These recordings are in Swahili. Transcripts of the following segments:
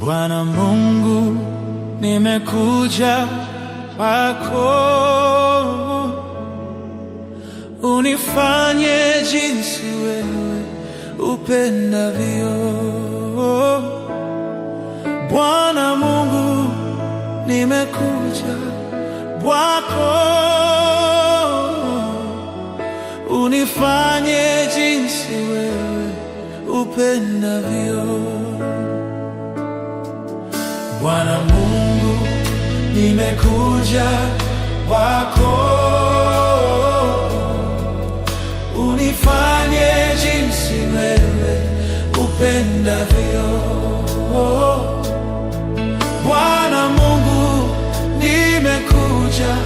Bwana Mungu, nimekuja kwako, unifanye jinsi wewe upendavyo. Bwana Mungu, nimekuja kwako, unifanye jinsi wewe upendavyo. Bwana Mungu, nimekuja wako, unifanye jinsi wewe upendavyo. Bwana Mungu, nimekuja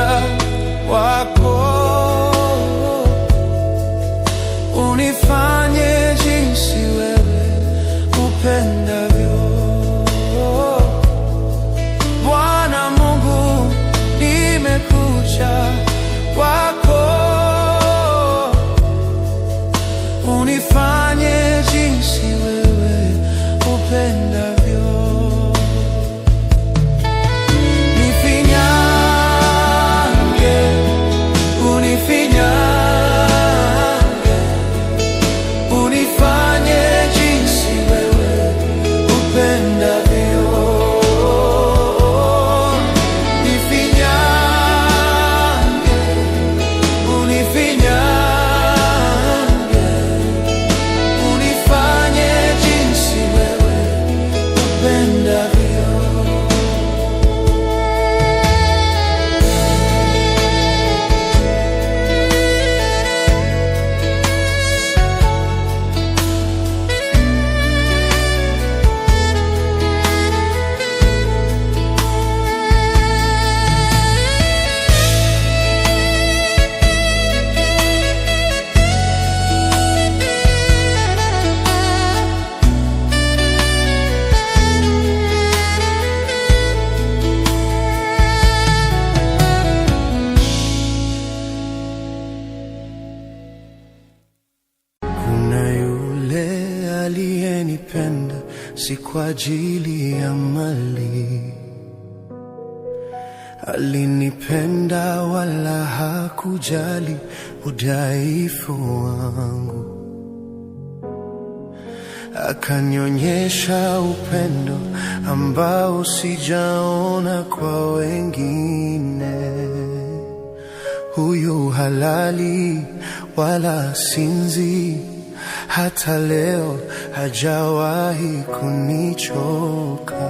umoja wako unifanye jinsi wewe upenda ajili ya mali. Alinipenda wala hakujali udhaifu wangu, akanionyesha upendo ambao sijaona kwa wengine. Huyu halali wala sinzi hata leo hajawahi kunichoka.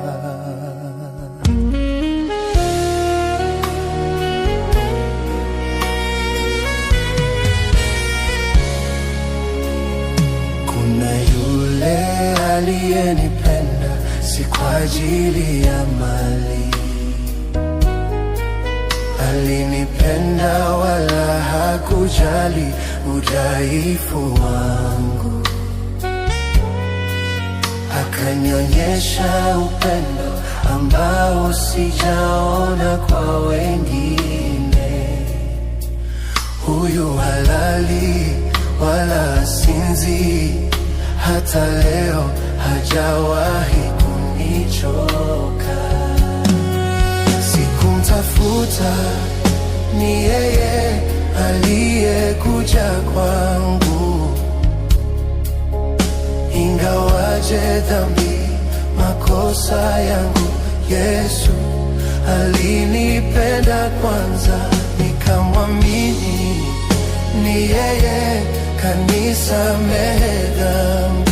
Kuna yule aliyenipenda si kwa ajili ya mali alinipenda wala hakujali udhaifu wangu, akanionyesha upendo ambao sijaona kwa wengine. Huyu halali wala sinzi, hata leo hajawahi kunichoka kukuta ni yeye aliyekuja kwangu, ingawaje dhambi makosa yangu, Yesu alinipenda kwanza, nikamwamini. Ni yeye kanisamehe dhambi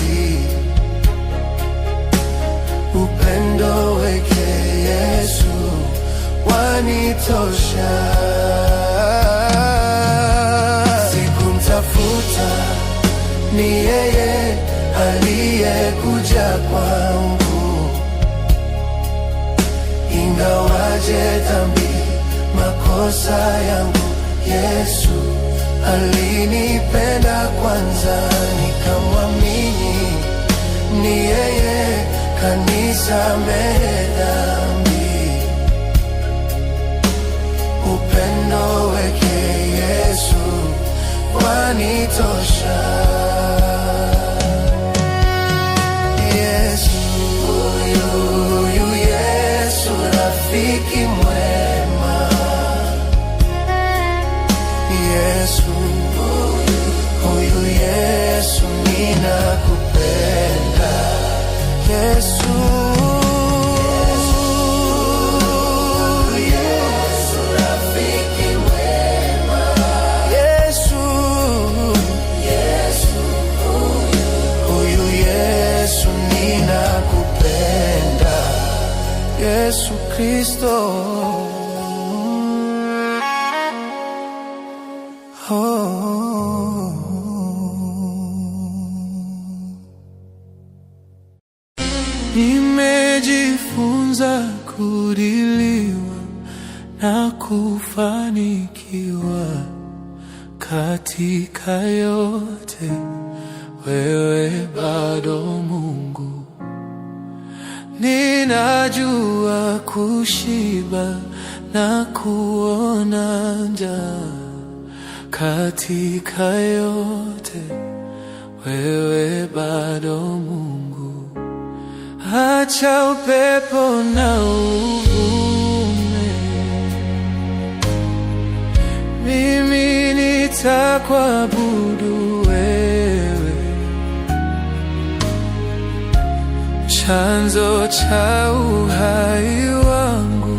yanitosha. Sikumtafuta, ni yeye aliyekuja kwangu, ingawaje dhambi makosa yangu, Yesu alinipenda kwanza, nikamwamini, ni yeye kanisamehe show. Yesu oh. Nimejifunza kudiliwa na kufanikiwa katika yote, wewe bado Mungu Ninajua kushiba na kuona njaa, katika yote wewe bado Mungu. Acha upepo na uvume, mimi nitakuabudu chanzo cha uhai wangu,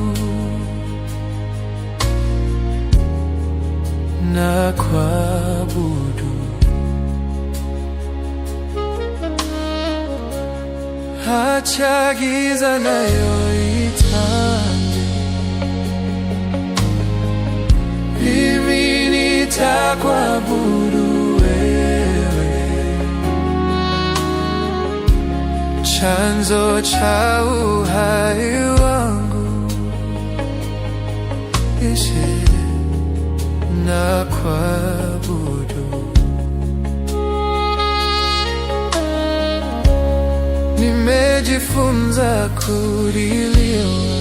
na kuabudu hacha giza nayoitambi, mimi nitakwa chanzo cha uhai wangu, ishi na kuabudu. Nimejifunza kuliliwa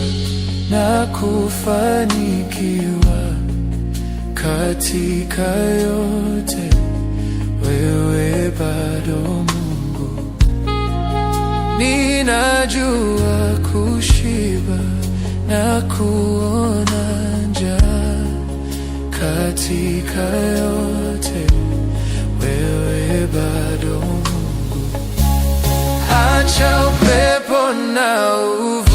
na kufanikiwa katika yote, wewe bado ninajua kushiba na kuona njaa. Katika yote wewe bado Mungu, acha upepo na uva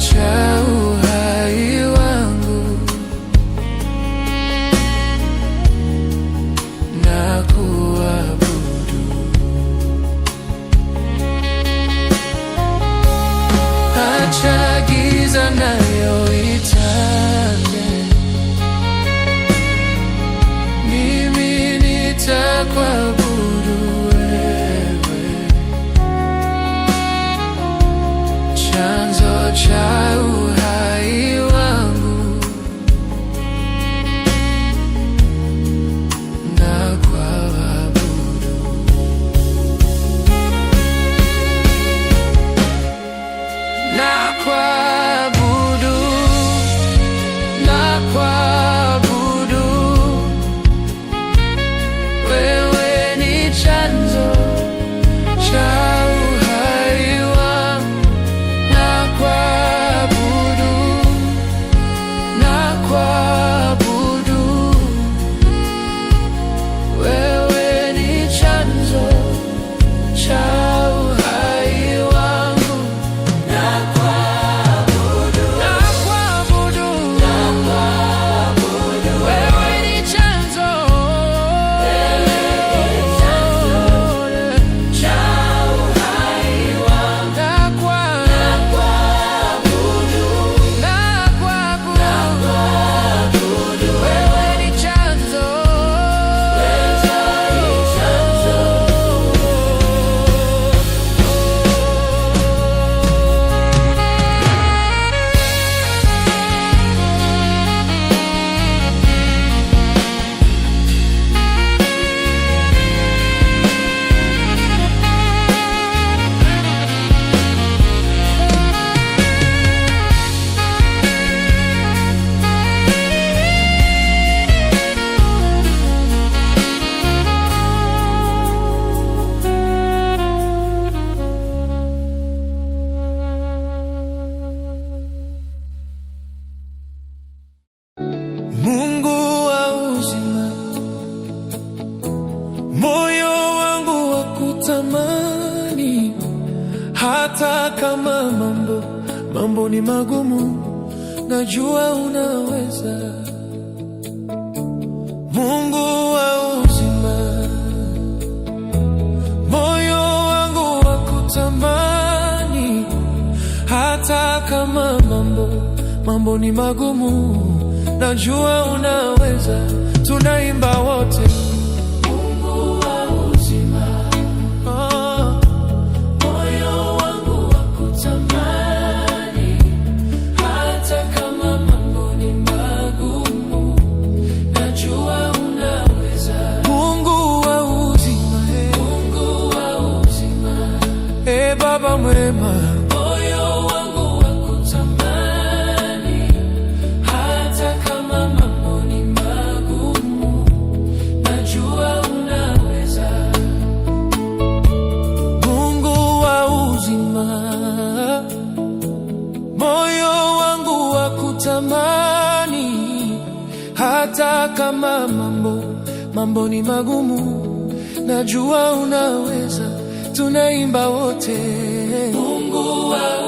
child magumu, najua unaweza. Mungu wa uzima, moyo wangu wakutamani, hata kama mambo mambo ni magumu, najua unaweza. Tunaimba wote hata kama mambo mambo ni magumu, najua unaweza, tunaimba wote Mungu wa